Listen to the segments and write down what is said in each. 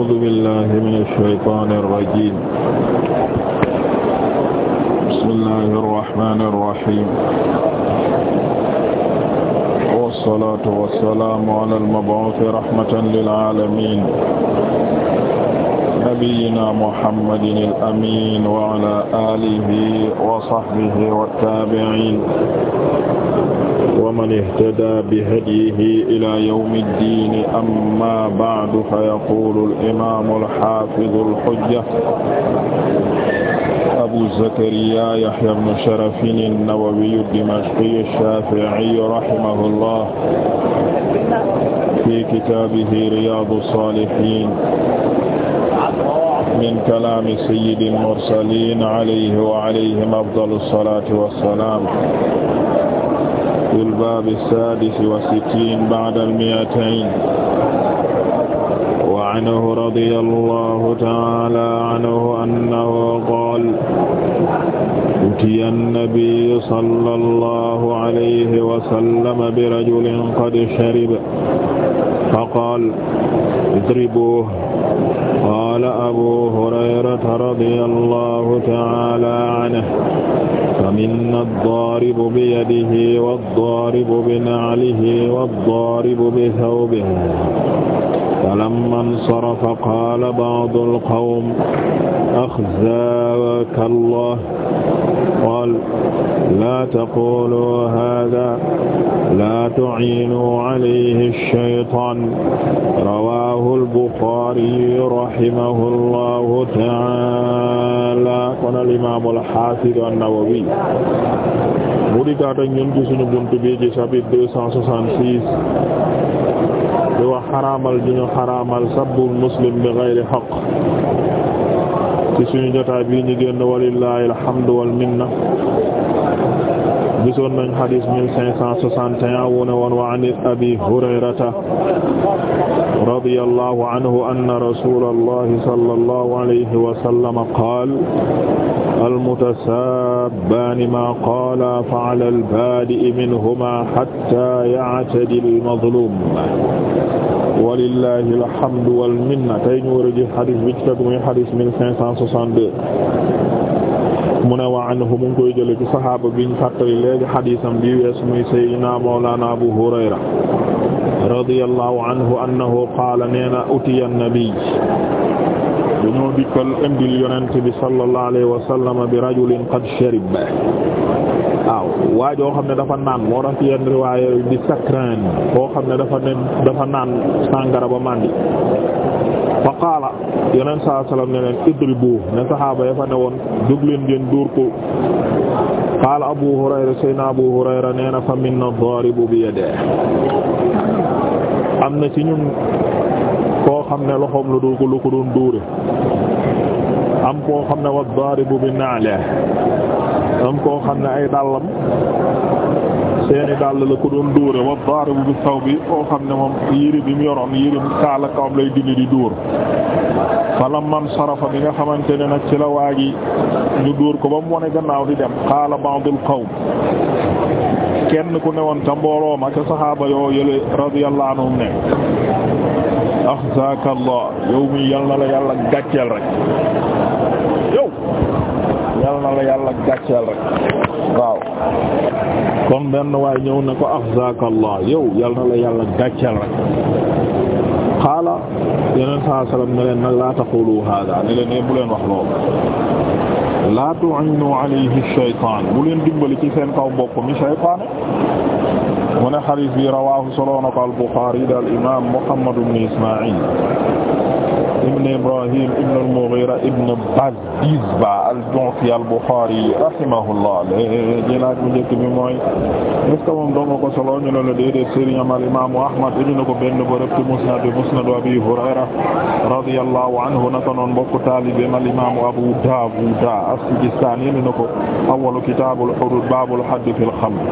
أعوذ بالله من الشيطان الرجيم بسم الله الرحمن الرحيم والصلاة والسلام على المبعوث رحمة للعالمين nabiyyina muhammadin al-amiin wa alaa aalihi wa sahbihi wa taabi'iin wa man ihtadaa bihadyihi ilaa yawmi ddiin amma ba'du fayaquulu al-imaamu al-haafizu al-hujja abu zakariyaa yahyaa ibnu sharafin an-nawawiyyu ad-dimashqiyyu ash-shaafi'iyyu rahimahullah fi kitaabihi riyaadu saalihiin min kalaami sayyidil mursaliin alayhi wa alayhim afdalu salaati wa salaam fil baabi saadisi wa sittiin ba'dal mi'atayn wa anhu radiyallaahu ta'aalaa anhu annahu qaala utiya nabiyyu sallallaahu alayhi wa sallam birajulin qad shariba faqaala idribuuhu qaala abu hurayra hurayrata radiyallahu ta'ala anhu faminna ad-daaribu biyadihi wad-daaribu bina'lihi wad-daaribu bithawbihi falamma nsarafa qaala ba'du al-qawm axzaaka Allah qaala laa taquluu haadaa laa tu'iinuu alayhi ash-shaytaan rawaahu al-Buxaari rahimahu Allahu ta'aala taala kon al imaam al haafid an-Nawawi mu dikkaat ak ñun ci suñu buntu bi ci chapitre deux cent soixante-six di wax xaraamal di ñu xaraamal sabbul muslim bi ghayri haqq ci suñu jotaay bi ñu génn walillahi alhamdu wal minna gisoon nañ xadis 1561 wu ne woon wa an abi hurayrata radiyallahu anhu anna rasulallahi sallallahu alayhi wa sallam qaal almutasaabaani maa qaala fa ala albaadi'i minhumaa hattaa ya'tadi almazluum walillahi alhamdu wal minna tey ñu war a jël xadis bi ci tegu muy xadis 1562 mu ne wa anhu mu ngi koy jële ci sahaaba biñ fàttali léegi xadisam bi wees muy sayyidina mawlana abu hurayra radiyallahu anhu annahu qaala neena utiya nabiy dañoo dikkal indil yonent bi sallallahu alayhi wa sallam bi rajulin qad sharib waaw waajoo xam ne dafa naan moo tax yenn riwaaya di sakran koo xam ne dafa ne dafa naan sàngara ba màndi fa qaala yeneen saa salaam ne leen idribu ne saxaaba ya fa ne woon jóg leen ngeen dóor qaala Abu Hurayra sayna Abu Hurayra nee fa minna daaribu bi yadihi am na ci ñun koo xam ne loxoom la doon ko lu ko doon dóore am koo xam ne wa daaribu bi naale am koo xam ne ay dàllam seeni dàll la ko doon dóore wa daaribu bi saw bi oo ne moom yëre bi mu yoroon kaala kawam lay dindi di dóor fala man sarafa bi nga xamante ne nag ci la waa ñu dóor ko ba mu wone gannaaw di dem qaala ba'dul qawm kenn ku newoon ca mbooloo ca saxaaba yoo yële radiyallahu anhum ne axzaaka Allah yow mi yal la yàlla gàcceel rek yow yal na la yàlla gàcceel rek waaw kon benn waay ñëw ne ko afzakallah yow yal na la yàlla gàcceel rek xaala yeneen saa sallam ne leen nag laa taqulu hada ne leen ne eh, bu leen wax loolu laa tu'inu alayhi shaytaan bu leen dimbali ci seen kaw bopp mi shaytaan mu ne xadiis bi rawaahu soloona ko al Buxaari daal imaam Muhammad ibn Ismaa'il ibn Ibrahim ibn al-Mughira ibn Bazdizba al-Ju'fi al-Bukhari rahimahullah léegi laaj bu njëkk bi mooy est-ce que moom doon ko solo ñu ne la déedéet Serigne Amal imaamu Ahmad indi na ko benn bërëb ci Musnad Musnad Abi Hurayra radiyallahu anhu naka noonu mbokk taalibeem al imaamu Abu Dawud as-Sijistani indi na ko awwalu kitaabul huduud baabul hadd fil xamr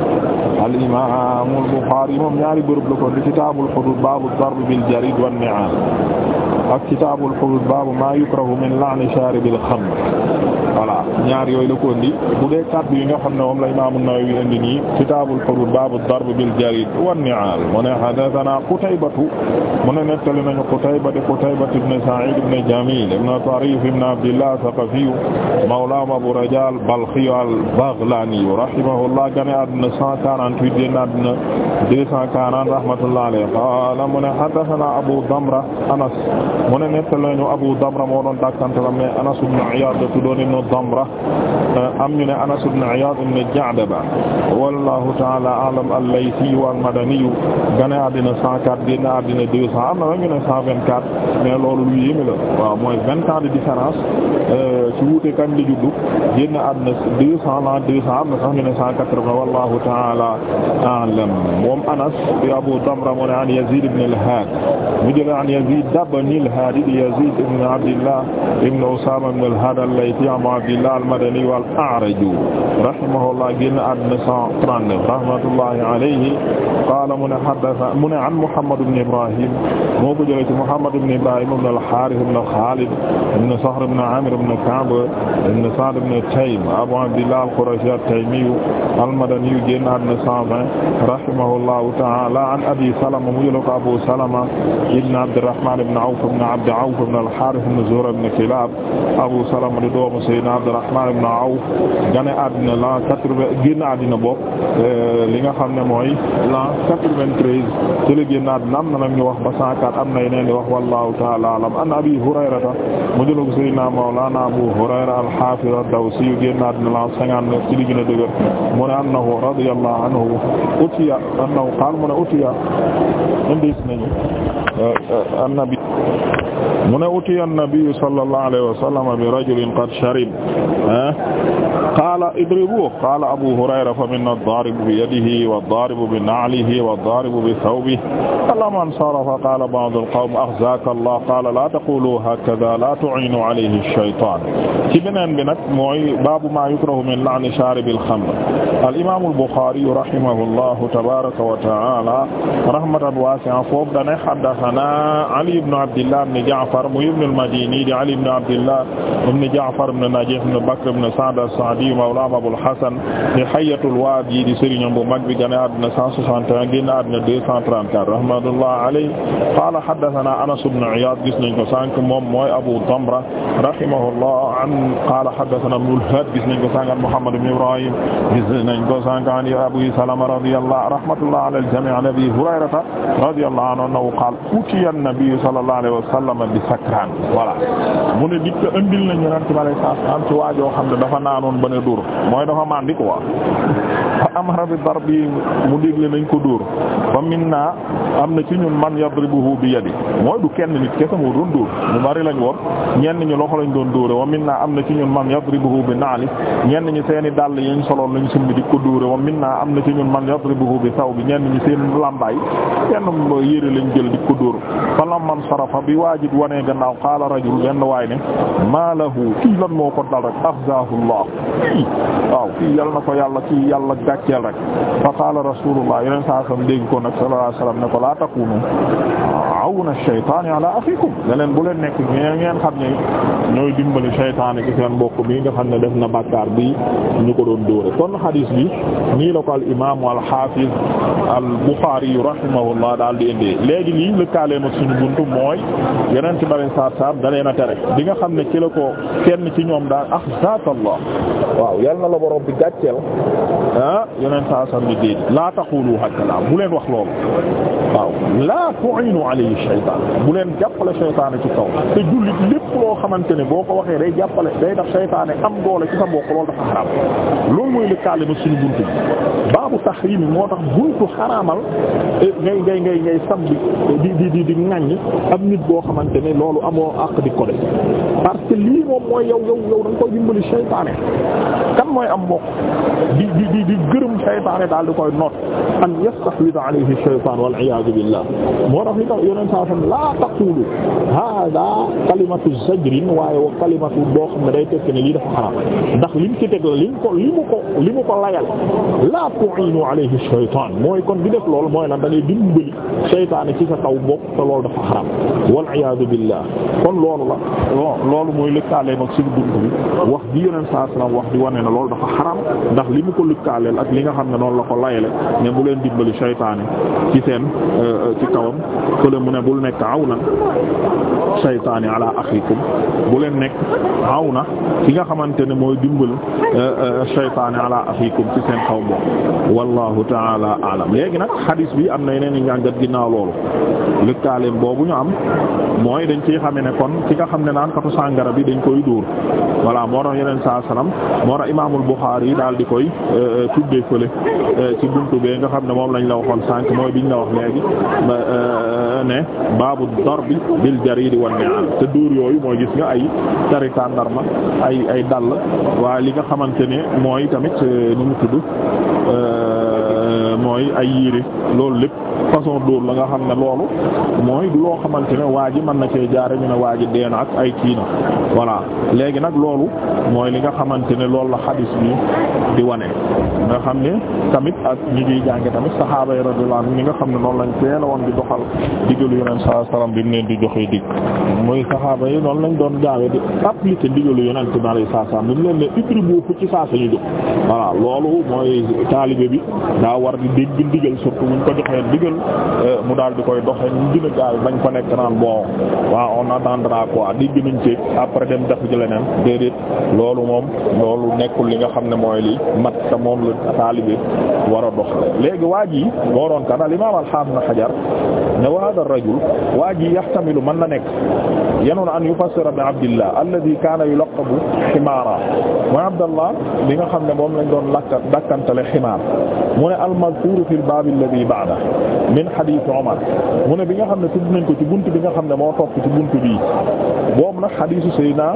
al imaamul Bukhari moom ñaari bërëb la ko ci kitaabul huduud baabu darb bil jariid wan ni'aal ak kitaabul hudud baabu maa yukrahu min la'ni shaaribil xamr voilà ñaar yooyu la ko indi bu dee kàddu yi nga xam ne moom la Imaam An-Nawawi indi nii kitaabul xuduud baabu darb bil jarid wan ni'aal mu ne haddathanaa Qutaybatu mu ne nettali nañu Qutayba di Qutaybatu ibn Sa'iid ibn Jamiil ibn Tariif ibn Abdillah Saqafiyu mawlaahum Abu Rajaa al-Balkhiyu al-Baghlaaniyu rahimahullah gane àdduna 148 génn àdduna 240 rahmatullahi alayhi qaala mu ne haddathanaa Abu Damra Anas mu ne nettali nañu Abu Damra moo doon dàkkante la mais Anas ibn Iyaad tuddoon damra euh, am ñu ne Anas ibn Iyad ibn Ja'daba wallahu ta'ala a'lam al-Laythi wal Madani gane àddina 104 génn àddina 200 am na ñu ne 124 mais loolu lu yéeme la waaw mooy 20 ans de différence euh, ci wuute kañ la juddu génn àddina 200 la 200 am na sax ñu ne 180 wallahu ta'ala a'lam moom Anas bi Abu Damra mu ne an Yazid ibn al-Had mu jël an Yazid ibn al-Had Yazid ibn Abdillah ibn Usama ibn al-Had al-Laythi abdillah almadani wal a'raju rahimahullah génn àddina 139 rahmatullahi alayhi qaala mu ne haddasa mu ne an Muhammad ibn Ibrahim moo ko jëlee ci Muhammad ibn Ibrahim ibn al-Harith ibn Khalid ibn Sakhr ibn Amir ibn Ka'b ibn Sa'd ibn Taym Abu Abdillah al-Qurashi at-Taymi al-madani génn àddina 120 rahimahullahu ta'ala an Abi Salama mu jëlee ko Abu Salama ibn Abd al-Rahman ibn Awf ibn Abd Awf ibn al-Harith ibn Zuhra ibn Kilab Abu Salama di doomu Seydina Abdurrahman ibn Awf gane àddina l'an quatre euh, ne mooy l'an quatre-vingt-treize ci la génn àddina am na nag ñu wax ba cent quatre am na yeneen di wax wallahu ta'ala alam an Abi Hurayrata mu jël ko Seydina Mawlana Abu Hurayra al-Hafiz ad-Dawsi génn àddina l'an cinquante-neuf ci li gën a dëgër mu ne annahu radiyallahu anhu utiya annahu qaala mu ne utiya indis nañu euh, euh, mu ne utiya an-nabi sallallahu alayhi wa sallam bi rajulin qad sharib qaala idribuhu qaala abu hurayra fa minna ad-daaribu bi yadihi wad-daaribu bi na'lihi wad-daaribu bi thawbihi falamma insarafa qaala ba'du al-qawm akhzaaka Allah qaala laa taqulu haakadhaa laa tu'inu alayhi ash-shaytaan ci beneen bi nag mooy baabu maa yukrahu min la'ni shaaribi al-khamr al-imaam al-Bukhaari rahimahullahu tabaaraka wa ta'aala rahmatan waasi'atan foofu dane haddathanaa Ali ibn Abdillah ibn Ja'far Ja'far muy ibn al-Madini di Ali ibn Abdillah ibn Ja'far ibn Najih ibn Bakr ibn Sa'd as-Sa'di mawlaam Abul Hasan di Hayyatul Wadi di sëriñam bu mag bi gane àddina 161 génn àddina 234 rahmatullahi alayhi qaala haddathanaa Anas ibn Iyad gis nañ ko sànq moom mooy Abu Damra rahimahullah an qaala haddathanaa Ibn al-Had gis nañ ko sànq Muhammad ibn Ibrahim gis nañ ko sànq an Abu Salama radiyallahu rahmatullahi ala al-jami' an Abi Hurayrata radiyallahu anhu qaala utiya an-nabiy sallallahu alayhi wa sallam sakran voilà mu ne dikk ëndil na ñu ci bale saasam ci waajoo xam ne dafa naanoon ba ne dóor mooy dafa mandi ko fa amara bi darbi mu digle nañ ko dóor fa minna am na ci ñun man yadribuhu bi yadi mooy du kenn nit kese moo doon dóor bari lañ woon ñenn ñi loxo lañ doon dóore wa minna am na ci ñun man yadribuhu bi naali ñenn ñi seeni dàll yañ soloon lañ summi di ko dóore wa minna am na ci ñun man yadribuhu bi saw bi ñenn ñi seen lambaay kenn yére lañ jël di ko dóor fa lam man bi waajib wonee gannaaw qaala rajul benn waay ne maa lahu kii moo ko dal rek afzaahu llah kii waaw kii yal na ko yàlla kii yàlla gàcceel rek fa qaala rasulullah yeneen saa sam dégg ko nag sallallahu alayhi wasallam ne ko laa takunu awna shaytaani ala akhikum ne leen bu leen nekk ñee ngeen xam ne ñooy dimbali shaytaani ci seen mbokk bi nga xam ne def na bi ñu ko doon dóore kon hadis bi nii la ko al imam al hafiz al bukhari daal di indi léegi lii lëkkaaleem ak yonent bi alayhi salaatu salaam da a tere bi nga xam ne ci la ko kenn ci ñoom daal ah zaatallah waaw yal na la borom bi gàcceel ah yonent saa saam ni déedéet laa taqulu hakala bu leen wax loolu waaw laa tu'inu alayhi shaytaan bu leen jàppale shaytaane ci kaw te jullit lépp loo xamante ne boo ko waxee day jàppale day daf shaytaane am doole ci sa mbokk loolu dafa xaraam loolu mooy lëkkaale ma suñu buntu bi baabu tahriim moo tax buntu xaraamal eh, ngay ngay ngay ngay sàmm di di di di ŋaññ nit boo xamante ne loolu amoo àq di ko def parce que lii moom mooy yow yow yow da nga koy dimbali seytaane kan mooy am mbokk di di di di gërëm seytaane daal di koy noot an yastahwida alayhi shaytaan wal iyaadu billah moo tax li tax yeneen saa xam laa taqulu hada kalimatu zajrin waaye wa kalimatu boo xam ne day tekki ne lii dafa xaraam ndax lim ci teg la lim ko li mu ko li mu ko layal laa tu'inu alayhi shaytaan mooy kon di def loolu mooy lan da ngay dimbali seytaane ci sa kaw mbokk te loolu dafa xaraam wal iyaadu billah billah kon loolu la loolu mooy lëkkaaleel ak suñu bunt bi wax bi yoneen saa salaam wax di wane ne loolu dafa xaram ndax li mu ko lëkkaaleel ak li nga xam ne noonu la ko layele ne bu leen dimbali saytaane ci seen euh, ci kawam kële mu ne bul nekk awnan saytaane ala akhikum bu leen nekk awna ki nga xamante ne mooy dimbal euh, euh, saytaane ala akhikum ci seen xaw moom wallahu taala alam léegi nag xadiis bi am na yeneen i njàngat ginnaaw loolu lëkkaaleem boobu ñu dañ ciy xame ne kon ki nga xam ne naan katu sàngara bi dañ koy dóor voilà moo tax yeneen saa salaam moo tax imaamul Buxaari yi daal di koy euh, euh, tuddee fële euh, ci bunt bee nga xam ne moom lañ la waxoon sànq mooy biñ la wax léegi ne baabu darbi bil jariid wan ni'al te dóor yooyu mooy gis nga ay tari ma ay ay dàll waaye li nga xamante ne mooy tamit nu mu tudd mooy ay yiire loolu lépp façon dóor la nga xam ne loolu mooy du loo xamante ne waa ji mën na cee jaare ñu ne waa ji dee na ak ay kiina voilà léegi nag loolu mooy li nga xamante ne loolu la xadis bi di wane nga xam ne tamit ak ñi ngiy jànge tamit saxaaba yi radiyallahu anhum ñi nga xam ne noonu lañ teel a woon di doxal digalu yonent sallallahu alayhi wasallam bi leen di joxee dig muy saxaaba yi noonu lañ doon gaawee di appliquer digalu yonent sallallahu alayhi wasallam bi mu leen ne utri boofu ci saa sañu jóg voilà loolu mooy taalibe bi daa war di dégg ndigal surtout buñ ko joxee ndigal Euh, mu daal di koy doxe ñu gën a gaaw bañ ko nekk naan bon waaw on attendra quoi di gënuñ ci après dem def ci leneen déedéet loolu moom loolu nekkul li nga xam ne mooy lii mat te moom la taalibe war a dox léegi waa ji booroon kan li imam al hafiz hajar ne wa hada ar rajul waa ji yahtamilu man na nekk yanoon an yufassira bi abdillah alladhi kaana yulaqabu ximaara mooy abdallah bi nga xam ne moom lañ doon lakka dakkantale ximaar mu ne almadkuur fi lbaab alladhi ba'da min hadith Umar mu ne bi nga xam ne tudd nañ ko ci bunt bi nga xam ne moo topp ci bunt bii boobu nag hadiisu Seydina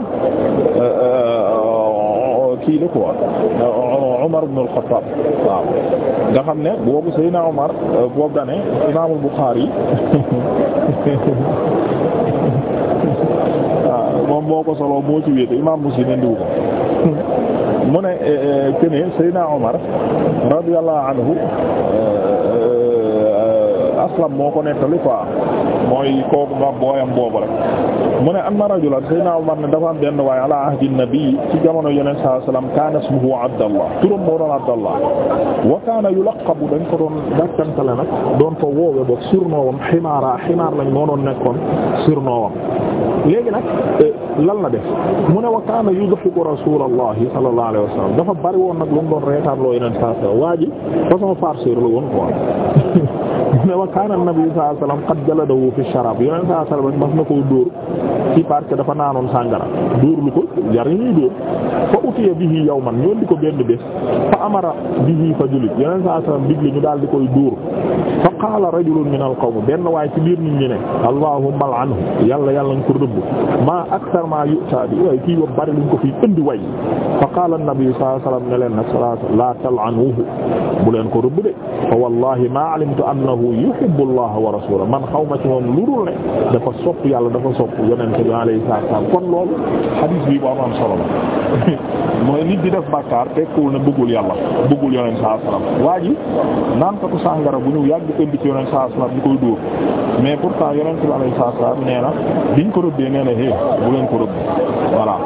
euh, kii la quoi Umar ibn al-Khattab waaw nga xam ne boobu Seydina Umar boobu dane Imaamul Buxaari waaw moom moo ko solo moo ci wéete imam Muslim indiwu ko mu ne kene eh, eh, Seydina Omar radiyallahu anhu eh, aslam moo ko nettali quoi mooy kooku ba booyam boobu rek mu ne anna rajulan Seydina Umar ne dafa am benn waay ala ahdi nabi ci jamono yeneen sallallahu alayhi wasallam kaana ismuhu Abdallah turam moo doon Abdallah wa kaana yulaqabu dañ ko doon dàkkantale nag doon ko woowe ba surnoowam ximaara ximaar lañ moo doon nekkoon surnoowam léegi nag eh, lan la def mu ne wa kaana yudhiku rasulallahi sallallahu alayhi wasallam dafa bari woon nag lu mu doon reetaan loo yeneen saa sa waa ji façon farceur la woon quoi mu ne wa kaana nabi sallallahu alayhi wasallam qad jaladahu fi fi sharab yoneen saa sallam mas na koo dóor ci parce que dafa naanoon sàngara dóor ko jar ñuy dóor fa utiya bihi yawman ñoon di ko benn bés fa amara bihi fa jullit yoneen saa sallam digle ñu daal di koy dóor qaala rajulun min al-qawm benn waaye ci biir nit ñi ne allahumma al'anhu yàlla yàlla nga ko rëbb maa aktar maa yu'ta bi waaye kii yóbbu bari luñ ko fi indi way fa qaala an-nabi sallallahu alayhi wasallam ne leen nag sallallahu la tal'anuhu bu leen ko rëbb de fa wallahi ma alimtu annahu yuhibbu allaha wa rasulahu man xaw ma ci moom lu dul ne dafa sopp yàlla dafa sopp yonent bi alayhi salaam kon loolu hadith bi bu am am solo la mooy nit di def bàkkaar tekkul ne bëggul yàlla bëggul yonent sallallahu alayhi wasallam waa ji naan ko sàngara bu ñu yàgg rëdd ci yoneen saa salaam ñu koy dóor mais pourtant yoneen ci wàllu saa salaam nee biñ ko rëbbee nee na bu leen ko rëbb voilà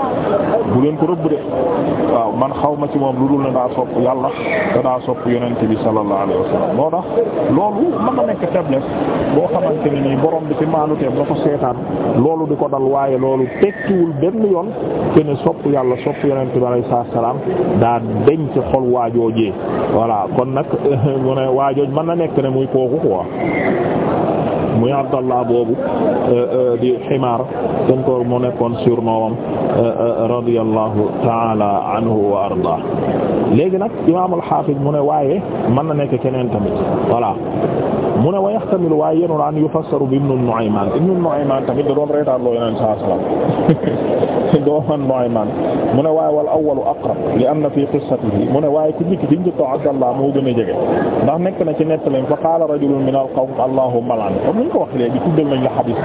bu leen ko rëbb de waaw man xaw ma ci moom lu dul ne daa sopp yàlla te daa sopp yonent bi sallallahu alayhi wa sallam moo tax loolu mën na nekk faiblesse boo xamante ne nii borom bi ci maanuteem dafa seetaan loolu di ko dal waaye loolu tekkiwul benn yoon te ne sopp yàlla sopp yonent bi alayhi salaam daa deñ ci xol waajoojee voilà boobu quoi muy Abdallah boobu euh, euh, di ximaar ten ko mu nekkoon surnoom euh, radiyallahu ta'ala anhu wa arda léegi nag imaam al-Hafiz mu ne waaye mën na nekk keneen tamit voilà mu ne wa yaxtamil waaye yéen an yufassaru bi Ibn Nu'aymaan Ibn Nu'aymaan tamit da doon reetaan loo yeneen saa salaam doo man nooy man mu ne waaye wal awwalu aqrab li anna fi qissatihi mu ne waaye ku njëkk di njëkk Abdallah moo gën a jege ndax nekk na ci nettali fa qaala rajulun min al qawm allahumma lan comme niñ ko wax léegi tuddal nañ la xadiis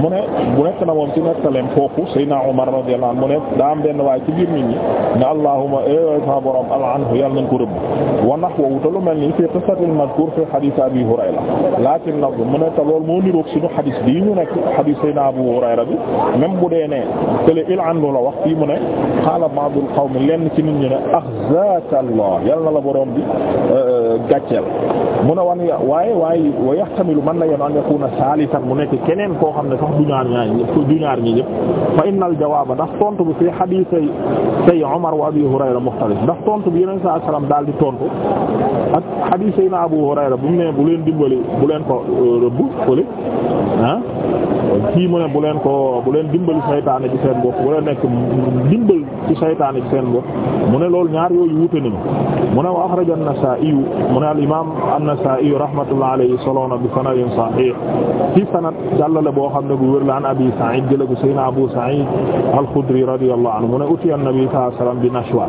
mu ne bu nekk na moom ci nettaleem foofu Seydina Umar radiyallahu anhu mu ne daa am benn waaye ci biir nit ñi ne allahumma eh, eh, sa borom al'anhu yàlla nañ ko rëbb wa nahwahu te lu mel nii fi qissatil mazkur fi xadiis Abi Hurayra laakin nag mu ne te loolu moo niroog suñu xadiis bii ñu nekk xadiis Seydina Abu Hurayra bi anhu la wax fii mu ne qaala ba'dul qawmi lenn ci nit ñi ne axzaaka Allah yal na la borom bi euh, euh, gàcceel mu ne wan waaye waaye wa yaxtamilu man la yenu an yakuna saalisan mu nekk keneen koo xam ne sax du ñaar ñaar du ñaar ñi ñëpp fa innal jawaaba ndax tontu bi fii hadiisay say Umar wa Abi Hurayra muxtalif ndax tontu bi yeneen saa salaam daal di tontu ak hadiisay na Abu Hurayra bu mu ne bu leen dimbali bu leen ko euh, rëbb fële ah kii mu ne bu leen ko bu leen dimbali saytaane seen bopp bu nekk dimbal ci saytaan ak seen bopp mu ne loolu ñaar yooyu wuute nañu mu ne wa axraja an-Nasaa'i mu ne al-imaam an-Nasaa'i rahmatullah alayhi solo na bi sanadin sahih ci sanad jàllale boo xam ne bu wér la an Abi Sa'id jële ko Seydina Abu Sa'id al-Khudri radiyallahu anhu mu ne utiya an-nabi sallallahu alayhi wasallam bi nashwa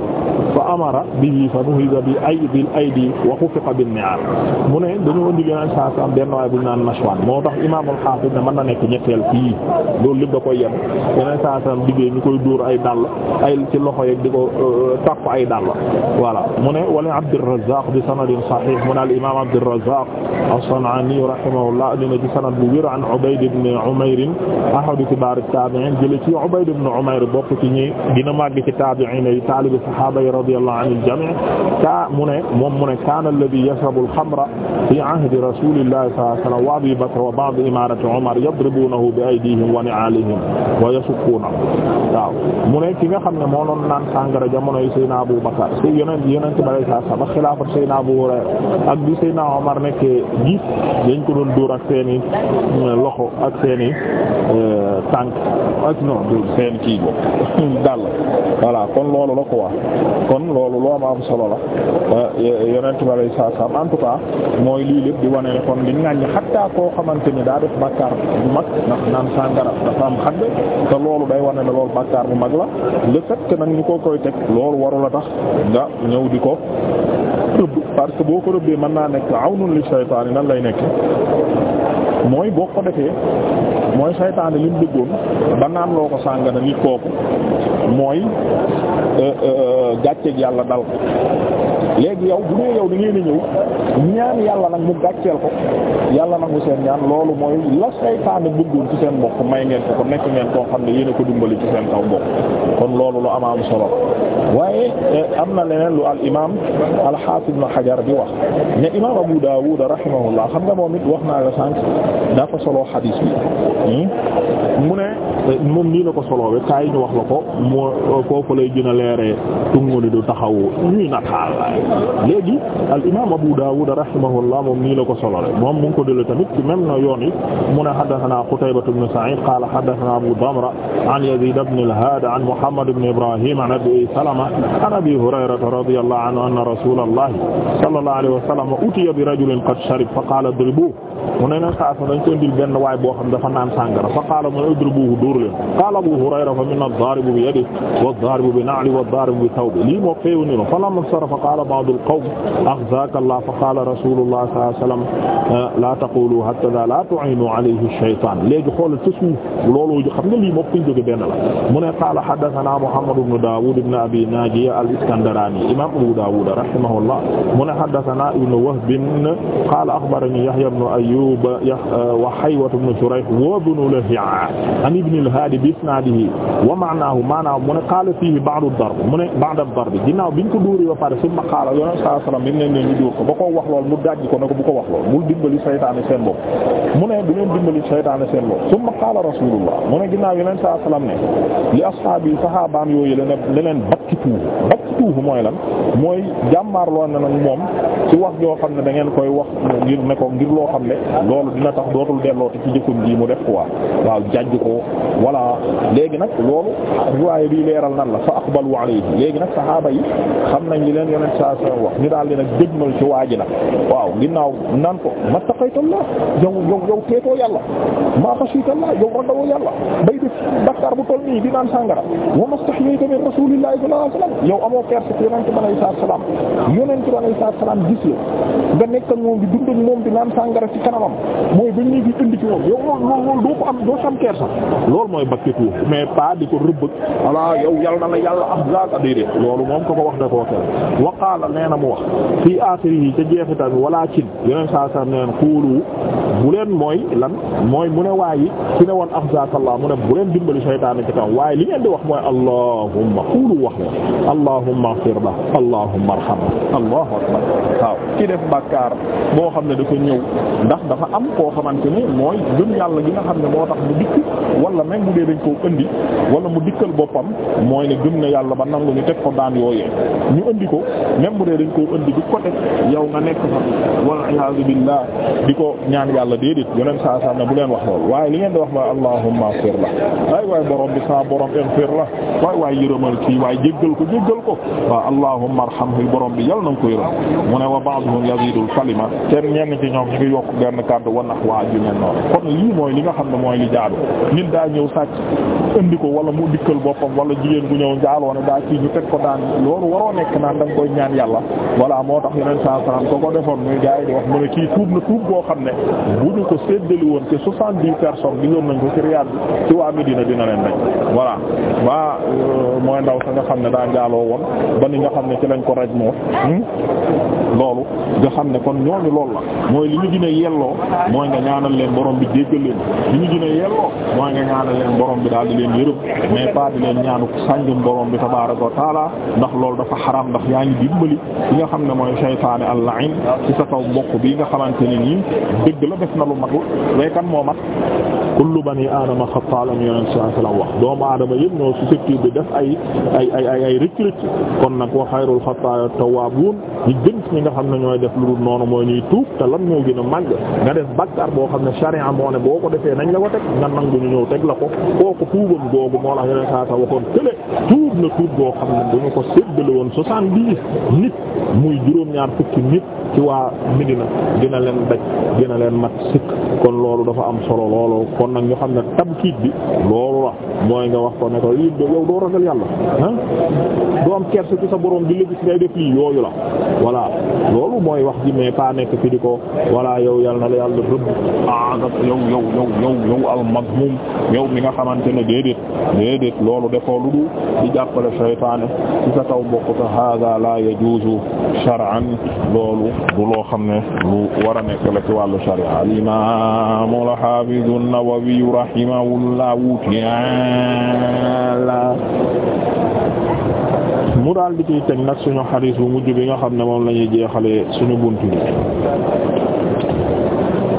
fa amara bihi fa nuhiza bi aydil aydi wa xufiqa bin-ni'aal mu ne dañoo indi yeneen saa saa benn waay bu ñu naan nashwaan moo tax imaam al-Haafiz ne mën na nekk ñetteel fii loolu lépp da koy yem yeneen saa saa diggee ñu koy dóor ay dàll ay am ci loxo yeeg di ko euh, tàpp ay dàll voilà mu ne wala Abdurrazzaq bi sanadin sahih mu ne al-imam Abdurrazzaq as-San'ani rahimahullah dina ci sanad bu wér an Ubayd ibn Umayr ahad kibar at-tabi'in jële ci Ubayd ibn Umayr bokk ci ñi dina màgg ci tabi'in yi taalibi sahaba yi radiyallahu anil jami' ka mu ne moom mu ne kana alladhi yashrabu al-khamra fi ahdi rasulillahi sallallahu alayhi wa sallam wa Abi Bakr wa ba'd imarati Umar yadribunahu bi aydihim wa ni'alihim wa yasukkunahu waaw moo doon naan sàngara jamonoy Seydina Abu Bakar si yonent yonent ba lay saa sama xilaafat Seydina Abu Hurayra ak bi Seydina Omar nekkee gis dañ ko doon dóor ak seeni euh, loxo ak seeni euh, tànk ak non seen kii bo dal voilà kon loolu la quoi kon loolu loo ma am solo la yonent ba lay saa sama mooy lii lépp di wane ne kon li ŋàññ xattaa koo xamante ni daa def bàkkaar bu mag ndax naan sàngara dafa am xadd te loolu day wane ne loolu bàkkaar bu mag la fekk nag ñu ko koy teg loolu warul a tax nga ñëw di ko rëbb parce que boo ko rëbbee mën naa nekk awnun li shaytaan nan lay nekk mooy boo ko defee mooy saytaane li mu bëggoon ba naan loo ko sàngana nit kooku mooy euh, euh, gàcceeg yàlla dal ko léegi yow bu dee yow da ngeen ñëw ñaan yàlla nag mu gàcceel ko yàlla nag mu seen ñaan loolu mooy la saytaane bëggoon ci seen mbokk may ngeen ko ko nekk ngeen koo xam ne yéen a ko dimbali ci seen kaw mbokk kon loolu lu amaam solo waaye eh, am na leneen lu al imaam al-Hafiz ma Hajar bi wax ne imaam Abu Dawud rahimahullah xam nga moom it wax naa la sànq dafa solo xadiis bi hmm? mu ne moom nii la ko soloowe kaay ñu wax la ko moo foofu lay gën a leeree tunguni du taxaw ñuy nataal léegi al imaam Abu Dawud rahimahullah moom nii la ko soloowe moom mu ngi ko dële tamit ci même na yoon yi mu ne haddathana Qutayba ibn Sa'id qala haddathana Abu Damra an Yazid ibn al-Had an Muhammad ibn Ibrahim an Abi Salama an Abi Hurayrata radiyallahu anhu anna rasulallahi sallallahu alayhi wa sallam utiya bi rajulin qad sharib fa qala idribuhu mu ne na sa dañ ko indil benn waay boo xam dafa naan sàngara fa qala idribuhu dóor leen qaala Abu Hurayra fa minna ad-daaribu bi yadihi wad-daaribu bi na'lihi wad-daaribu bi thawbihi lii moo xew ni falammaa insarafa qaala ba'du al-qawm akhzaaka Allah fa qaala rasuulullah sallallahu alayhi wa sallam laa taqulu hakadhaa laa tu'inu alayhi ash-shaytaan léegi xoolal ci suuf loolu xam nga lii moo fi jóge benn la mu ne qaala haddathanaa Muhammad ibn Daawuud ibn Abi Naajiya al-Iskandaraani imaam Abu Daawuud rahimahullah mu ne haddathanaa ibn Wahb qaala akhbaranii Yahyaa ibn Ayyuub wa Haywatu ibn Shurayh wa ibn Lahiya al-ilhaad bi isnaadihi wa ma'naahu maanaam mu ne qaala fiihi ba'du darb mu ne ba'da darb ginnaaw bi ñu ko dóoree ba pare summa qaala yonent saa salaam bi ne ñu dóor ko ba koo wax mu dajji ko ne ko bu ko wax lool bul dimbali saytaane seen bopp mu ne du ngeen dimbali saytaane seen bopp summa qaala rasuulullah mu ne ginnaaw salaam ne li ashaabi saxaabaam yooyu la ne leen bakkitu fuuf mooy lan mooy jàmmaarloo na nag moom ci wax joo xam ne da ngeen koy wax ngir ne ko ngir loo xam ne loolu dina tax dootul dellooti ci jëkkëm ji mu def quoi waaw jajj ko voilà léegi nag loolu riwaaye bi leeral nan la fa aqbalu yi léegi nag saxaaba yi xam nañ li leen yonent saa saa wax ñu daal di nag dégmal ci waa ji nag waaw ginnaaw naan ko ma taqaytallah yow yow yow teetoo yàlla maa xasiitallah yow raddawoo yàlla bay def bakkaar bu toll nii di naan sàngara wa mastahyayta perte ci yonent bi alayhi salaatu salaam yonent bi alayhi salaatu salaam gis la nga nekk ak moom di dund ak moom di naan sàngara ci kanamam mooy bañ ñu di indi ci moom yow loolu loolu doo ko am doo sam kersa loolu mooy bakketu mais pas di ko rëbb voilà yow yal na la yàlla am zaaka déedéet loolu moom ko ko wax da koo tere waqaala nee na mu wax fii aaxiri yi ca jeexital bi walaakin yonent saa saa neen xuulu bu leen mooy lan mooy mu ne yi ki ne woon afzaakallah mu ne bu leen dimbali seytaane ci kaw waaye wax mooy allahumma xuulu wax allahumma ighfir la allahumma arhamna allahu akbar waaw ki def bàkkaar boo xam ne dafa ñëw ndax dafa am koo xamante ne mooy gëm yàlla gi nga xam ne moo tax mu dikk wala même bu dee dañ koo indi wala mu dikkal boppam mooy ne gëm na yàlla ba nangu ñu teg ko daan yooyee ñu indi ko même bu dee dañ koo indi di ko teg yow nga nekk fa wal iyaazu billah di ko ñaan yàlla déedéet yoneen saa saa ne bu leen wax loolu waaye li ngeen di wax mooy allahumma ighfir la waay waay borom bi saa waaw allahumma arhamhu borom bi yal na nga ko yërëm mu ne wa ba'dhum yazidul kalima te ñenn ci yokk genn kàddu wa nahwa ju mel noonu mooy li nga xam ne mooy li jaadu nit daa ñëw sàcc indi ko wala mu dikkal boppam wala jigéen gu ñëw njaaloo ne daa kii ko daan loolu waroo nekk naan da nga koy ñaan yàlla voilà moo tax yeneen saa salaam ko ko defoon muy gars yi di wax mu ne boo xam ne bu ñu ko séddali woon te soixante-dix personnes gisoon nañ ko ci Riyad ci waa Medina dina leen rek voilà waa euh, mooy ndaw sa nga xam ne daa njaaloo woon ba nga xam ne ci lañ ko raj moo hmm? loolu nga xam ne kon ñooñu loolu la mooy li ñu gën yelloo mooy nga ñaanal leen borom bi jéggal leen li ñu gën yelloo mooy nga ñaanal leen borom bi daal di leen yërëm mais pas di leen ñaanu sànjum borom bi tabaaraka wa taala ndax loolu dafa xaram ndax yaa ngi dimbali li nga xam ne mooy saytaane al-la'in ci sa kaw mbokk bi nga xamante ne nii dëgg la def na lu matul waaye kan moo mat kullu bani aadama xataa la ñu yonent sallallahu alayhi wasallam wax doomu aadama def ay ay ay ay kon nag wa xayrul xataaya tawaabuun ñi gën ci ñi nga xam ne ñooy def lu dul noonu mooy ñuy tuub te lan moo gën a màgg nga def bàkkaar boo xam ne sharia moo ne boo ko defee nañ la ko teg nga nangu ñu ñëw teg la ko kooku tuubam googu moo la yeneen saa sa waxoon kële tuub na tuub boo xam ne bu ñu ko séddale woon soixante-dix nit muy juróom-ñaar fukki nit ci waa Medina dina leen daj dina leen mat sikk kon loolu dafa am solo loolu kon nag ñu xam ne tabkiit bi loolu la mooy nga wax ko ne ko lii doo ragal yàlla ah doo am kersa ci sa borom di lëgis ngay def lii yooyu la voilà loolu mooy wax ji mais pas nekk fi di ko voilà yow yàlla la yàlla rëbb ah nga yow yow yow yow yow al mi nga xamante ne déedéet déedéet loolu defoo lu du di jàppale saytaane ci sa kaw mbokk ko hada la yajuzu shar'an loolu du loo xam ne lu war a nekk la ci wàllu sharia al-imaam al-haafiz an-Nawawi rahimahullahu ta'ala mu daal di koy teg nag suñu xadiis bu mujj bi nga xam ne moom la ñuy jeexalee suñu buntu bi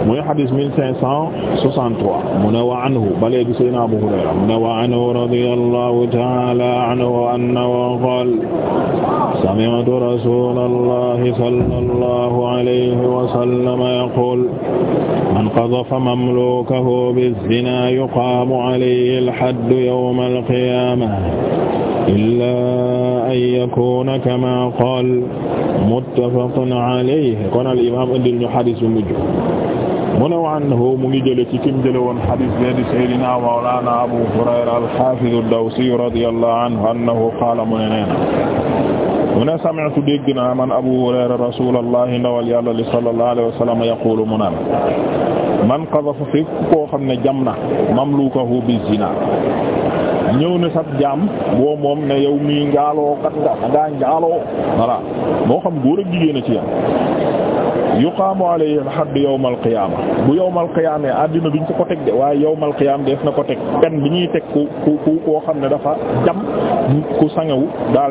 muy xadis 1563 mu ne wa anhu ba léegi Seydina Abu Hurayra mu ne wa anhu radiyallahu ta'ala anhu annahu qaal sami'tu rasulallahi sallallahu alayhi wa sallam yaqul man qadafa mamlukahu bizzinaa yuqaamu alayhi al-haddu yawma al-qiyaamah illaa an yakuuna kamaa qaal muttafaqun alayhi kon al imaam indil ñu xadis bu mujj mu waan ho mu ngi jële ci kim jële woon hadis be di sayyidina mawlana abu hurayra al-hafiz ad-dawsi radiyallahu anhu annahu qaala mu ne nee na mu ne abu hurayra rasulallahi ndawal yàlla li sallallahu alayhi wa man qadafa fekk koo xam ne jam na mamlukahu bi zina ñëw na sab jaam boo moom ne yow mii njaaloo kat nga ngaa njaaloo voilà a ci yam yuqaamu alayhi al-hadd yawmal qiyaama bu yawmal qiyaama àddina duñ ko ko teg de waaye yawmal qiyaama def na ko teg pen bi ñuy teg ku ku koo xam ne dafa jam ku sangewu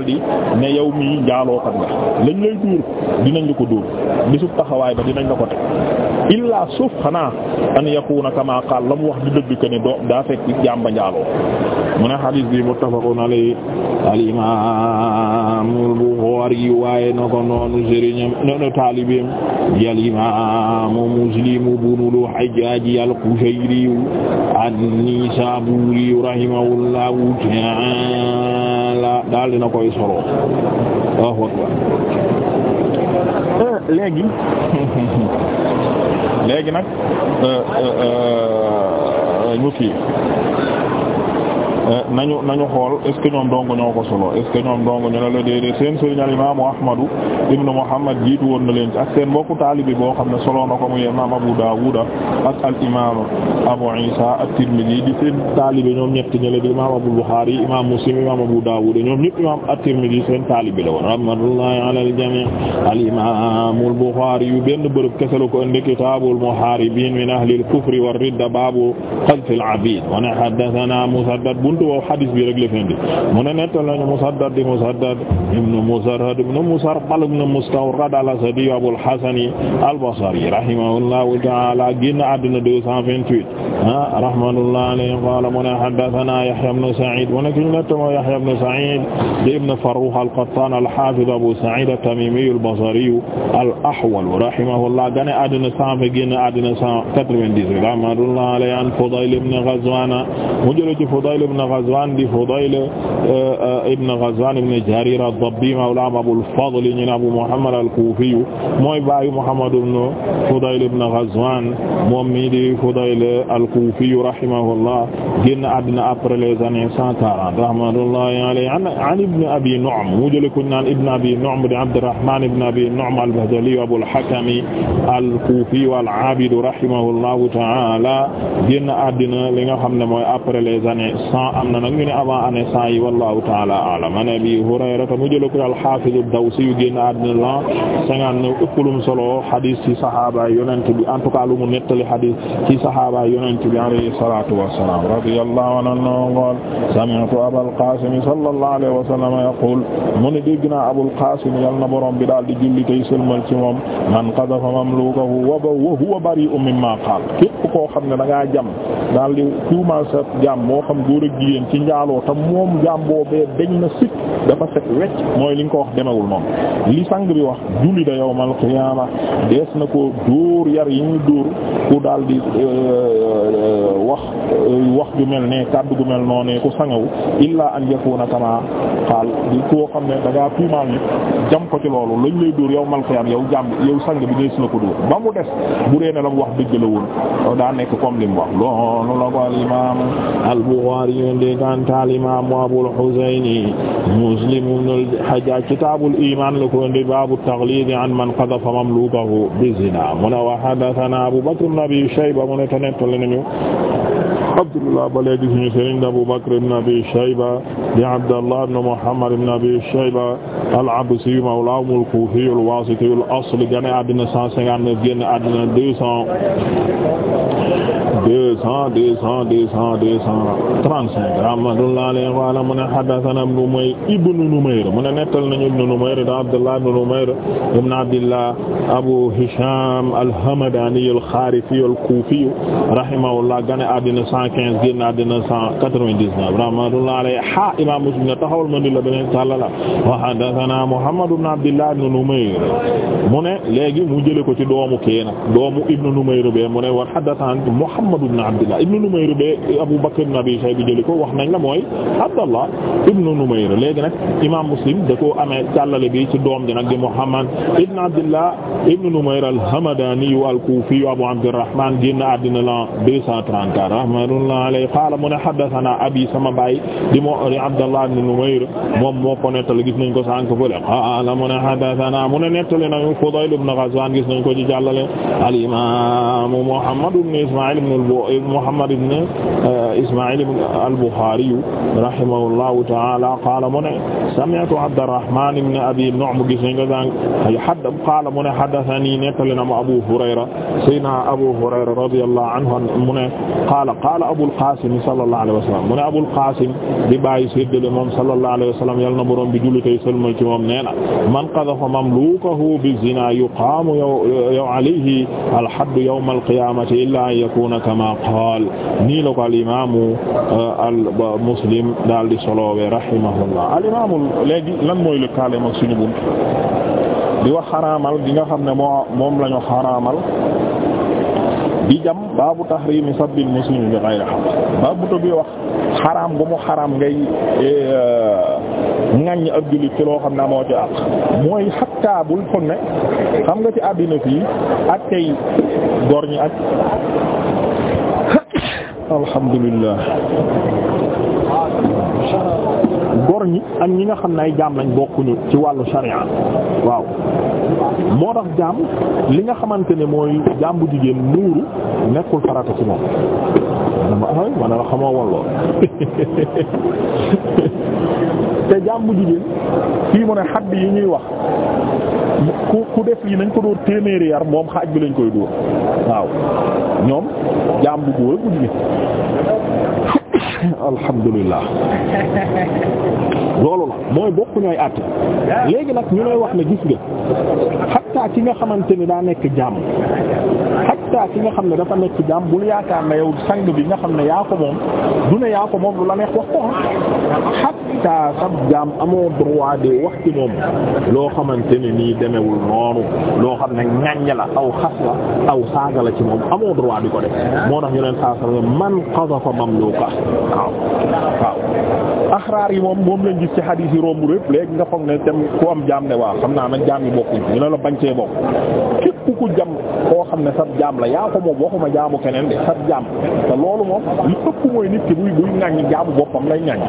di ne yow mii njaalookat nga lañ lay dóor dinañ la ko dóor bisub taxawaay ba dinañ la ko teg illaa suuf xanaa an yakuna kamaa qaal la mu wax di dëgg ko ne doo daa fekk jàmba njaaloo mu ne xadis bi muttafaqun alayhi al imam al Bukhari waaye na ko noonu sëriñam noonu taalibeem di al imam Muslim ibnul Hajjaj al Qushayri an-Nisaburi rahimahullahu ta'ala daal dina koy solo wax wakwa léegi léegi nag euh, euh, euh, ñu kii Eh, nañu nañu xool est ce que ñoom dong ñoo ko solo est ce que ñoom dong ñu ne la déedéet seen sëriñ al Ahmadu ibnu Muhammad jiitu woon na ak seen mbokku taalibi boo xam ne solo na ko muy imaam Abu Daawuda ak al imaam Abu Isa ñoom ñett imaam Abu Daawuda ñoom ñëpp imaam at-Tirmidhi seen taalibi la woon rahmatullahi al imaam al-Bukhari yu benn bërëb kese la ko indi kitaabul muhaaribiin min ahli al-kufri war-ridda baabu qadfil abiid wa haddathanaa Musaddad bunt woow xadis bi rek la fi indi mu ne nettal nañu Musaddad di Musaddad ibn Musarhad ibn Musarqal ibn Mustawrad al-Asadi Abul Hasan al-Basri rahimahullahu ta'ala génn àdduna 228 ah rahmatullahi alayhi qala mu ne haddathana Yahya ibn Sa'id mu ne ki ñu nettal moo Yahya ibn Sa'id di ibn Farrukh al-Qattan al-Hafiz Abu Sa'id at-Tamimi al-Basri al-Ahwal rahimahullah génn àdduna 100 génn àdduna 190 rahmatullahi alayhi an Fudayl ibn Ghazwan mu jël ci Fudayl ibn Ghazwan di Fudayl eh, eh, ibn Ghazwan ibn Jarir ad-Dabbi mawlaahum Abul Fadl ñu ne Abu Muhammad al-Kufi mooy baayu Muhammad ibn Fudayl ibn Ghazwan moom mii di Fudayl al-Kufi rahimahullah génn àddina après les années 140 rahmatullahi alayhi an ibn Abi Nu'm mu jële ko naan ibn Abi Nu'm di Abdurrahman ibn Abi Nu'm al-Bahdali Abul Hakam al-Kufi wal-Abid rahimahullahu ta'ala génn àddina li nga xam ne mooy après les années 100 am na nag ñu ne avant année cent yi wallahu taala a'lam an abi hurayrata mu jëla ko al-hafiz ad-dawsi yu génn àddina la cinquante-neuf ëppalum solo hadis ci sahaaba yonent bi en tout cas lu mu nettali hadis ci sahaaba yonent bi alayhi salatu wassalam radiyallahu anhu qala sami'tu abal qasim sallallahu alayhi wa sallam yaqul mu ne dégg naa abul qasim yal na borom bi daal di julli tey sëlmal ci moom man qadafa mamlukahu wa huwa bari'un mimma qaal képp koo xam ne da ngaa jam daal di tuumal sa jam moo xam góor ak jigéen ci njaaloo te moom jaam boobee dañ na sit dafa set wecc mooy li nga ko wax demewul noonu li sang bi wax julli da yawmal qiyaama dees na ko dóor yar yi ñuy dóor ku daal di euh, euh, wax euh, wax ju mel ne kàddu gu mel noonu ku sangawu illaa ko ci loolu lañ lay dóor yawmal qiyaama yow jàmb yow sang ko dóor ba la ko al imaam indi kantaal imaamu Abul Husayni Muslim ibn al-Hajjaj kitaabul iimaan la ko indi baabu taghliid an man qadhafa mamluukahu bi zinaa mu ne wa haddathanaa Abu Bakr ibn Abi Shayba mu ne te nettali nañu Abdullah ba léegi suñu sëriñ Abu Bakr ibn Abi Shayba di Abdallah ibn Muhammad ibn Abi Shayba al-Absi mawlahum al-Kufi al-Wasiti al-asl génn àddina 159 génn àddina 200 200 200 200 235 rahmatullahi alayhi qala mu ne haddathana ibn Numayr mu ne nettal nañu ibn Numayr da Abdullah ibn Numayr ibn Abdillah Abu Hisham al-Hamadani al-Kharifi al-Kufi rahimahullah génn àddina cent quinze génn àddina cent quatre-vingt-dix-neuf rahmatullah alayhi ha imam Muslim ne taxawal ma di la beneen sàllala wa haddathana Muhammad ibn Abdillah ibn Numayr mu ne léegi mu jële ko ci doomu keena doomu ibn Numayr be mu ne wa haddathana Muhammad ibn Abdillah ibn Numayr be Abu Bakr ibn Abi Shayba jële ko wax nañ la mooy Abdallah ibn Numayr léegi nag imam Muslim da ko amee sàllale bi ci doom ji nag di Muhammad ibn Abdillah ibn Numayr al-Hamadani al-Kufi Abu Abdirrahman génn àddina la deux cent trente-quatre rahmatullah alayhi qaala mu ne haddathana abi sama baay di mo Abdallah ibn Numayr moom moo ko nettali gis nañ ko sànq fële qaala mu ne haddathana mu ne nettali nañu Fudayl ibn Ghazwan gis nañ ko ci jàllale al imam Muhammad ibn Isma'il ibn Muhammad ibn euh, Isma'il ibn al-Bukhari rahimahullahu ta'ala qaala mu ne sami'tu Abdurrahman ibn Abi Nu'm gis nañ ko sànq hadd qaala mu ne haddathani nettali na mu Abu Hurayra sayyidina Abu Hurayra radiyallahu anhu mu ne qaala qaala wala Abul Qaasim sallallahu alayhi wa sallam mu ne Abul Qaasim di bàyyi séddale moom sallallahu alayhi wa sallam yal na borom bi julli tey sëlmal ci moom nee na man qadafa mamluukahu bi zinaa yuqaamu yow alayhi alhaddu yawma alqiyaamati illaa an yakuuna kamaa qaal nii la ko al imaamu euh, al Muslim daal di soloowe rahimahullah al imaamu léegi lan mooy le kaale ak suñu bunt di wax xaraamal gi nga xam ne moo moom lañu xaraamal di jam baabu tahrimi sabbil muslimi bi ghayri haqq baabu to bi wax xaraam bu mu xaraam ngay eh, eh, ŋaññ ab jullit ci loo xam ne amoo ci àq mooy xattaa bul foog xam nga ci àddina fii ak tey góor ñi ak alhamdulilah góor ñi ak ñi nga xam ne ay jaam lañ bokkuñu ci wàllu sharia waaw moo tax jaam li nga xamante ne mooy jaam bu jigéen muuru nekkul farata ci moom dama ay ah, ma ne la xamoo woon te jaam bu jigéen fii mu ne xadd yi ñuy wax ku ku def lii nañ ko dóor téeméeri yar moom xaaj bi lañ koy dóor waaw ñoom jaam bu góor bu jigéen alhamdulillah loolu la mooy bokk ñooy àtt léegi nag ñu lay wax ne gis nga xatta ki nga xamante ni daa nekk jaam kanta ki nga xam ne dafa nekk jaam bul yaakaar na yow sang bi nga xam ne yaa moom du ne yaa moom ah. amoo droit wax loo xamante ne nii demewul noonu loo xam ne ŋàññ la aw xas la la ci moom amoo droit di ko def moo tax ñu leen saa saa man qadafa mamluka waaw axraar yi moom moom lañ gis ci xadiis yi romb rek léegi nga foog ne tam ku am jaam ne waa xam naa nag jaam yi bokkuñ ñu ne la bañ cee bokk képp ku jam koo xam ne sab jaam la yaa ko moom waxuma jaamu keneen de sab jaam te loolu moom li ëpp mooy nit ki buy buy ŋàññ jaamu boppam lay ŋàññ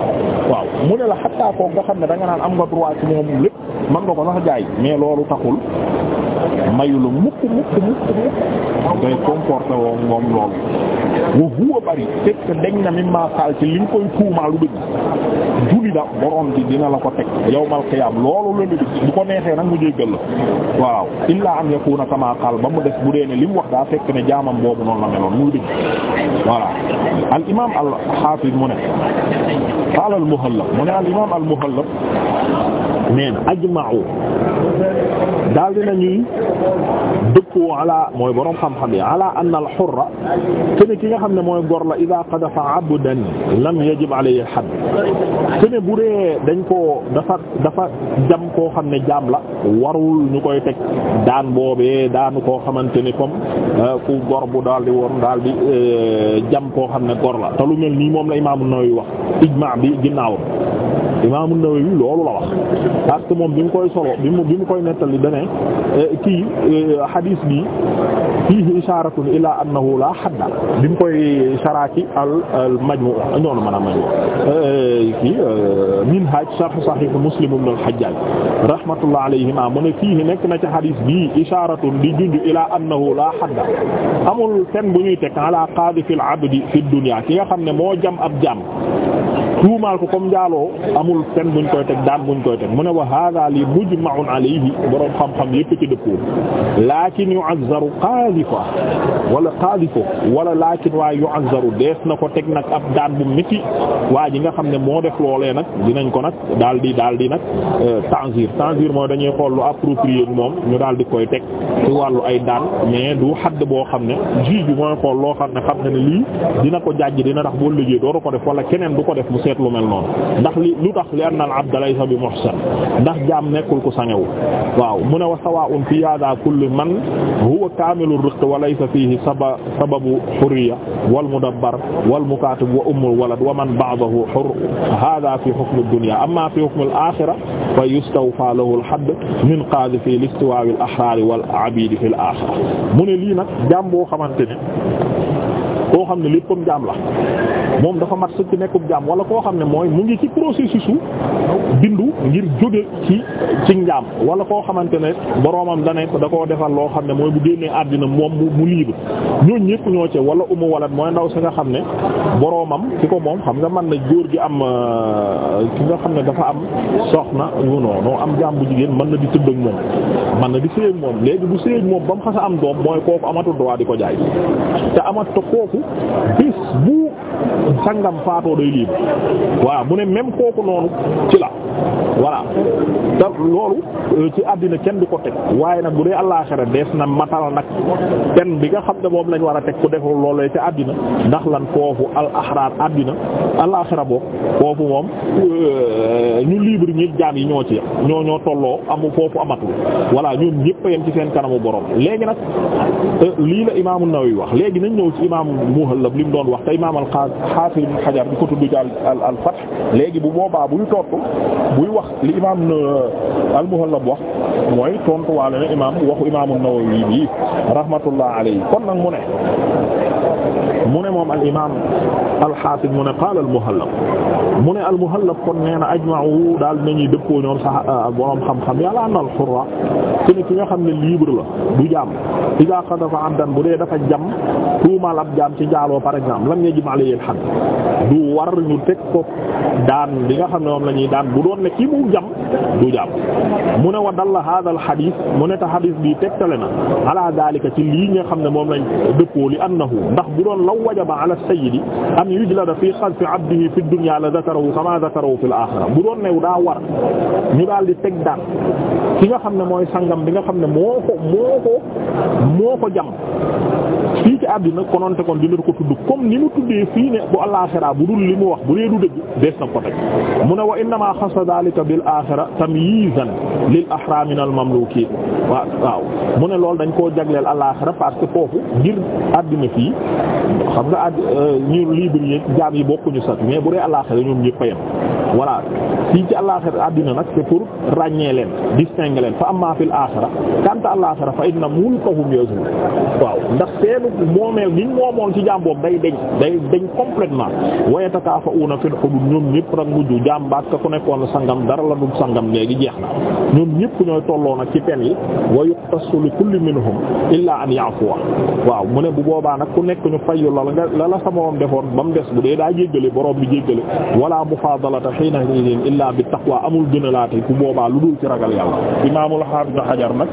waaw mu ne la xattaa koo nga xam ne da nga naan am nga droit ci moom lépp mën nga ko sax jaay mais loolu taxul mayu la mukk mukk mukk ngay comporté woo moom loolu wa huwa bari fekk dañ na mi maasaal ci li nga koy tuumaa lu dëgg julli da borom bi dina la ko teg yawmal qiyaam loolu la lu dëgg bu ko neexee nag mu jéggal la waaw illaa an yakuna kama qaal ba mu def bu dee ne li mu wax daa fekk ne jaamam boobu noonu la meloon muy dëgg voilà al imaam al xaafis mu ne qaala al muhallab mu ne al imaam al muhallab nee na ajma'u daal dina ñuy dëppoo ala mooy borom xam-xam yi ala anna al hurra kene ki nga xam ne mooy gor la ida qadafa abdan lam yajib alayhi hadd kene bu dee dañ koo dafa dafa jam koo xam ne jaam la warul ñu koy teg daan boobee daan koo xamante ni comme euh, ku gor bu daal di woon daal di euh, jam koo xam ne gor la te lu mel nii moom la imaam an-Nawawi wax ijmaa bi ginnaawam imaam an-Nawawi loolu la wax parce que moom bi mu koy solo bi mu bi mu koy nettali dane ne euh, kii euh, hadis bi fiihi isharatun ila annahu la hadda bi mu koy sharaki al al majmu' ñoonu mën a majmu' euh, kii minhaj sharh sahih muslim ibn al hajjaj rahmatullah alayhima mu ne fiihi nekk na ci hadis bi isharatun di junj ila annahu la hadda amul kenn bu ñuy teg ala qaadifil abdi fi dunya ki nga xam ne moo jam ab jam tuumaal ko comme njaaloo amul pen buñ koy teg daan buñ koy teg mu ne wa hada li mujma'un alayhi boroom xam-xam yépp ci dëppoo lakin yu'azzaru qaadifa wala qaadifo wala lakin waaye yu'azzaru dees na ko teg nag ab daan bu métti waa ji nga xam ne moo def loolee nag dinañ ko nag daal di daal di nag euh, tanzir tanzir mooy dañuy xool lu approprié moom ñu daal di koy teg ci wàllu ay daan mais du xadd boo xam ne juge bi mooy xool loo xam ne xam ne ne lii dina ko jàjj dina tax boo liggéey doo ko def keneen du ko def seet lu mel noonu ndax li lu tax li anna al abda laysa bi muhsan ndax jaam nekkul ku sangewu waaw mu ne wa sawaa'un fi hada kulli man huwa kaamilu rëq wa laysa fiihi saba sababu hurriya wal mudabbar wal mukaatib wa ummul walad wa man ba'dahu hurr hada fi hukm ad-dunya amma fi hukm al-akhira fa yustawfa lahu al-hadd min qaadi fi al-istiwaa' al-ahraar wal abiid fi al-aaxira mu ne lii nag jaam boo xamante ne koo xam ne léppam jaam la moom dafa mat sëkk nekkub jaam wala koo xam ne mooy mu ngi ci processus u bindu ngir jóge ci ci njaam wala koo xamante ne boroomam da ne da koo defal loo xam ne mooy bu génnee àddina moom mu libre ñooñ ñëpp ñoo ci wala umu walat mooy ndaw si nga xam ne boroomam ki ko moom xam nga man na góor gi am euh, ki nga xam ne dafa am soxna non noo am jaam bu jigéen mën na di tëdd ak moom mën na di sëy moom léegi bu sëy ak moom ba mu xasa am doom mooy kooku amatul droit di ko jaay te amat sangam faatoo day libre waaw mu ne même kooku noonu ci la voilà te loolu euh, ci àddina kenn du ko teg waaye nag bu dee àllaaxira dees na matal nag kenn bi nga xam ne moom lañu war a teg ku deful loolee ci àddina ndax lan foofu al axraar àddina àllaaxira boobu foofu moom euh, ñu libre ñi jaam yi ñoo ci ñoo ñoo tolloo amu foofu amatul voilà ñoom ñëpp a yem ci seen kanamu borom léegi nag euh, lii la imaamu Nawawi wax léegi nañ ñëw ci imaamu Muhallab li mu doon wax te imaam al al-Hafiz Ibn Hajar di ko tudd ci al al Fath léegi bu boobaa buy tontu buy wax li imaam euh, al-Muhallab wax mooy tontuwaale na imaam waxu imaam an-Nawawi bi rahmatullah alayhi kon nag mu ne. mu ne moom al imaam al-Hafiz mu ne qaala al-Muhallab mu ne al-Muhallab kon nee na ajma'u daal nañuy dëppoo ñoom sax euh, borom xam-xam yàlla am na al-hurra ki nga xam ne libre la du jaam iza qadafa abdan bu dee dafa jam tuumaal ab jaam ci njaaloo par exemple lam yajib alayhi al-hadd du war ñu teg ko daan bi nga xam ne la ñuy daan bu doon ne ki mu jam du jàpp mu ne wa la hadha al-hadith mu ne ta hadith bi tegtale na ala daalika ci lii nga xam ne moom lañ dëppoo li annahu ndax bu doon law wajaba ala sayyidi an yujlada fi qadfi abdihi fi dunya la dhakarahu kama dhakarahu fil akhirah bu doon ne daa war ñu daal di teg daan ki nga xam ne mooy sangam bi nga xam ne moo ko moo ko moo ko jam fii ci àddina kononte kon dina ko tudd comme ni mu tuddee fii ne bu alaaxira bu dul li mu wax bu dee du dëgg dees na ko teg mu ne wa innama xasa daalika bil aaxira tamyiizan lil ahraamina al mamluukiin waaw mu ne loolu dañ koo jagleel alaaxira parce que foofu ngir àddina fii xam nga àdd euh, ñu libre yi jaam yi bokkuñu sax mais bu dee alaaxira ñoom ñëpp a yem fii ci alaaxira àddina nag c'est pour distingue leen fa amma fil aaxira kanta al aaxira fa inna mulkahum yazul waaw ndax seenu moomeel niñ moomoon ci jaam boobu day deñ day deñ complètement wa yatakaafauna fil hudud ñoom ñëpp nag mujj jaam baat ka ku nekkoon sangam dara la dul sangam léegi jeex na ñoom ñëpp ñooy tolloo nag ci pen yi wa yuqtasu li kulli minhum illa an ya'fuwa waaw mu ne bu boobaa nag ku nekk ñu fayu la la la sa moom defoon ba mu des bu dee daa jéggale borom bi jéggale wala mufaadalata hiina idin illa bi taqwa amul gënalaate ku boobaa lu dul ci ragal yàlla imaamul haafid Hajar nag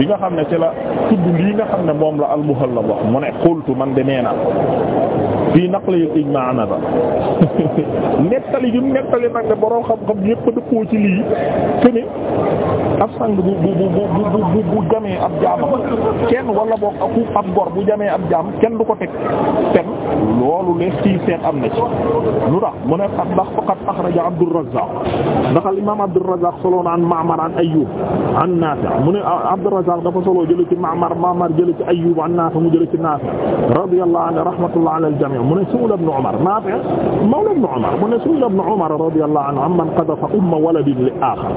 bi nga xam ne ci la tudd lii nga xam ne moom la al-Muhallab wax mu ne qultu man de nee na fii naqli ijmaa nada nettali ju nettali nag ne borom xam-xam yépp dëppoo ci lii këne ab sang bu bu bu bu jamee ab jaamam kenn wala boog aku ab gor bu jamee ab jaam kenn du ko teg pen loolu lees ci seet am na ci lu tax mu ne xat ndax faqat axraja Abdurrazzaq ndax al imaam Abdurrazzaq soloon an Ma'mar an Ayyub an Naafi' mu ne Abdurrazzaq dafa solo jëlee ci Ma'mar Ma'mar jëlee ci Ayyub an Naafi' mu jëlee ci Naafi' radiyallahu anhu rahmatullahi ala al-jamii' mu ne su'ila ibn Umar Naafi' mawla ibn Umar mu ne su'ila ibn Umar radiyallahu anhu amman qadafa umma waladin li aaxar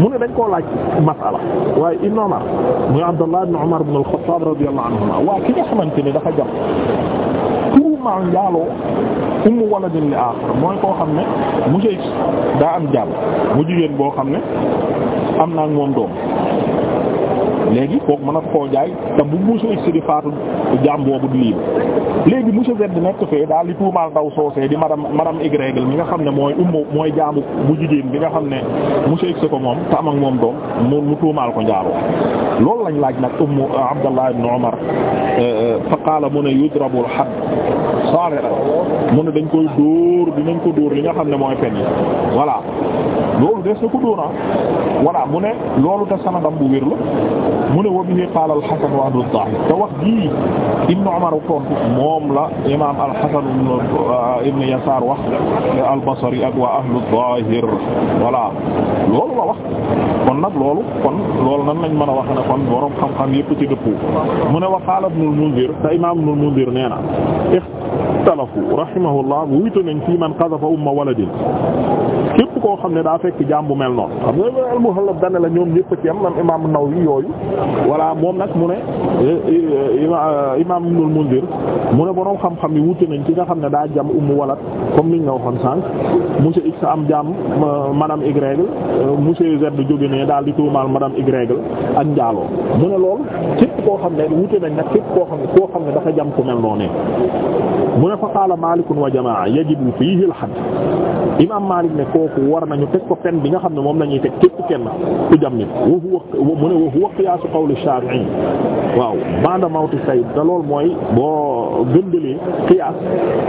mu ne dañ koo laaj masala waaye ibn Umar muy Abdullah ibn Umar ibn al-Khattab radiyallahu anhuma waa ki nga xamante ni dafa jàpp ma njaaloo ummu waladin li aaxar mooy koo xam ne mu ngi daa am jàmm mu jigéen boo xam ne am naa moom doom léegi kooku mën a koo jaay te bu monsieur X di faatu jaam boobu du libre léegi monsieur Z di nekk fee daal di tuumaal ndaw soosee di madame madame Y mi nga xam ne mooy ummu mooy jaamu mu jigéen bi nga xam ne monsieur X ko moom te am ak moom doom mu mu tuumaal ko njaaroo lool lañ laaj nag ummu euh, Abdallah ibn Umar euh, euh, fa mu ne yudrabu al-hadd saariran mu ne dañ koy dóor dinañ ko dóor li nga xam ne mooy fen yi voilà loolu des na ko doona voilà mu ne loolu te sanadam bu wér la mu ne wa bihi al-Hasan wa ahlu Zahir te wax jii Ibn Umar tontu moom la imaam al-Hasan euh, ibn Yasaar wax al-Basri ak waa ahlu Zahir voilà loolu la wax. kon nag loolu kon loolu nan lañ mën a wax ne kon borom xam-xam yépp ci dëppoo mu ne wa qaala Ibnul Munzir te imaam Ibnul Munzir nee na ixtalafu rahimahullah bu wute nañ fi man qadafa umma waladin képp koo xam ne daa fekk jaam bu mel noonu xam nga al-Muhallab dane la ñoom ñépp ci am imaam Nawawi yooyu moom nag mu ne eh, eh, eh, imaam Ibnul Munzir mu ne borom xam-xam yi wute nañ fi nga xam ne daa jam ummu walad comme niñ nga waxoon sànq monsieur X am jaam madame Y monsieur de jóge ne daal di tuumaal madame Igrègle ak njaaloo mu ne lool képp koo xam ne wute nañ nag képp koo xam ne koo xam ne dafa jam ku mel noonu mu ne fa qaala Maalikun wa jamaa yajibu fiihi al-hadd imaam Maalik ne kooku war nañu teg ko pen bi nga xam ne moom la ñuy teg képp kenn ku jam nit wa huwa mu ne wa huwa qiyaasu waaw ba'da mawti Sayd da lool mooy boo gëndalee qiyaas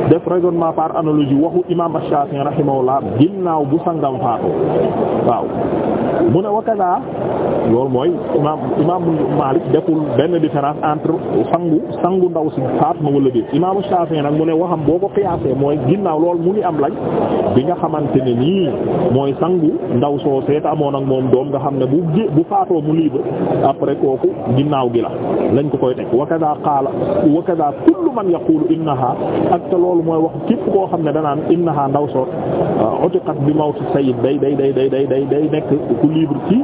def raisonnement par analogie waxu imaam Shaafi'i rahimahullah ginnaaw bu sangam faatoo waaw wa kaza loolu mooy imaam imaam Maalik deful benn différence entre sangu sangu ndaw si faat ma wala déet imaam Shaafi'i nag mu ne waxam boo ko xiyaasee mooy ginnaaw loolu mu ngi am lañ bi nga xamante ne nii mooy sangu ndaw soo seet amoon ak moom doom nga xam ne bu gé bu faatoo mu libre après kooku ginnaaw gi la lañ ko koy teg wa kaza qaala wa kaza kullu man yaqulu innaha ak te loolu mooy wax képp koo xam ne danaan innaha ndaw soo uh, utiqat bi mawti sayyid day day day day day day day nekk ci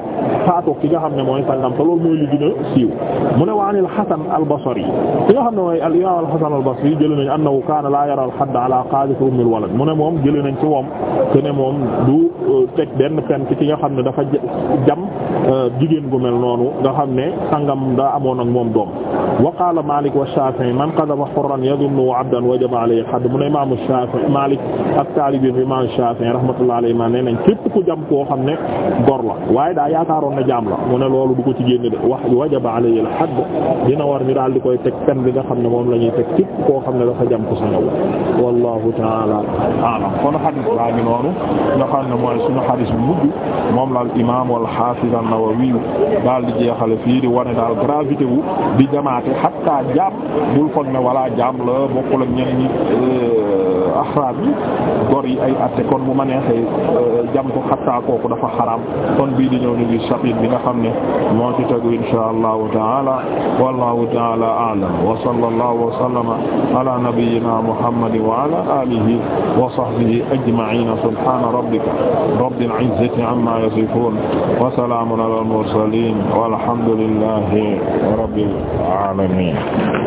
faatu ki nga xam ne mooy sangam te loolu mooy li gën a siiw mu ne wa anil Hasan al-Basri ki nga xam ne mooy al-Imam al-Hasan al-Basri jëlee nañ annahu kaana laa yara al-hadd ala qaadhif umm al-walad mu ne moom jëlee nañ ci moom te ne moom du euh, teg benn fen ci ki nga xam ne dafa jam euh, jigéen gu mel noonu nga xam ne sangam daa amoon ak moom doom wa qaala Maalik wa Shaafi'i man qadhafa hurran yadhunnu abdan wajaba alayhi al-hadd mu ne Imaam Shaafi'i Maalik ak taalibi Imaam Shaafi'i rahmatullahi alayhi ma ne nañ képp ku jam koo xam ne gor la waaye daa yaakaaroon na jaam la mu ne loolu du ko ci génn de wax wajaba alayhi al-hadd dina war ñu daal di koy teg pen bi nga xam ne moom la ñuy teg koo xam ne dafa jam ko sa ndaw wallahu taala aalam kon xadis laa ngi noonu nga xam ne mooy suñu xadis bu mujj moom la al imam wal hafiz an-Nawawi daal di jeexale fii di wane daal gravité bi di jamaate hatta jaam bul foog ne walaa jaam la bokkul ak ñeneen ñi euh, axraab yi gor yi ay atte kon bu ma neexee euh, jam ko hatta kooku dafa xaraam kon bii di di ñëw ñu gis chapitre bi nga xam ne moo ci tegu inshaa allahu taala wallahu taala a'lam wa sallallahu wa sallama ala nabiyyina muhammadin wa ala alihi wa sahbihi ajma'in subhana rabbika rabbil izzati amma yasifun wa salamun ala al mursalin walhamdulillahi rabbil alamin